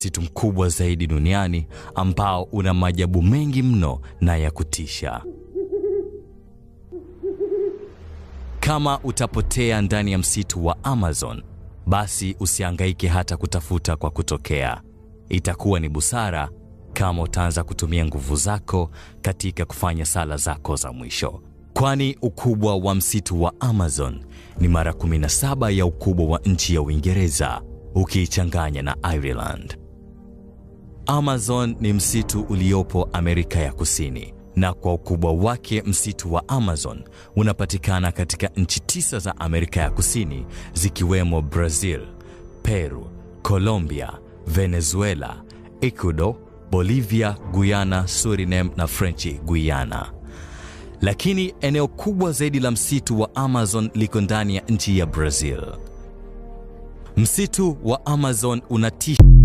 Msitu mkubwa zaidi duniani ambao una maajabu mengi mno na ya kutisha. Kama utapotea ndani ya msitu wa Amazon, basi usihangaike hata kutafuta kwa kutokea. Itakuwa ni busara kama utaanza kutumia nguvu zako katika kufanya sala zako za mwisho, kwani ukubwa wa msitu wa Amazon ni mara 17 ya ukubwa wa nchi ya Uingereza ukiichanganya na Ireland. Amazon ni msitu uliopo Amerika ya Kusini, na kwa ukubwa wake msitu wa Amazon unapatikana katika nchi tisa za Amerika ya Kusini zikiwemo Brazil, Peru, Colombia, Venezuela, Ecuador, Bolivia, Guyana, Suriname na French Guiana. Lakini eneo kubwa zaidi la msitu wa Amazon liko ndani ya nchi ya Brazil. Msitu wa Amazon unatisha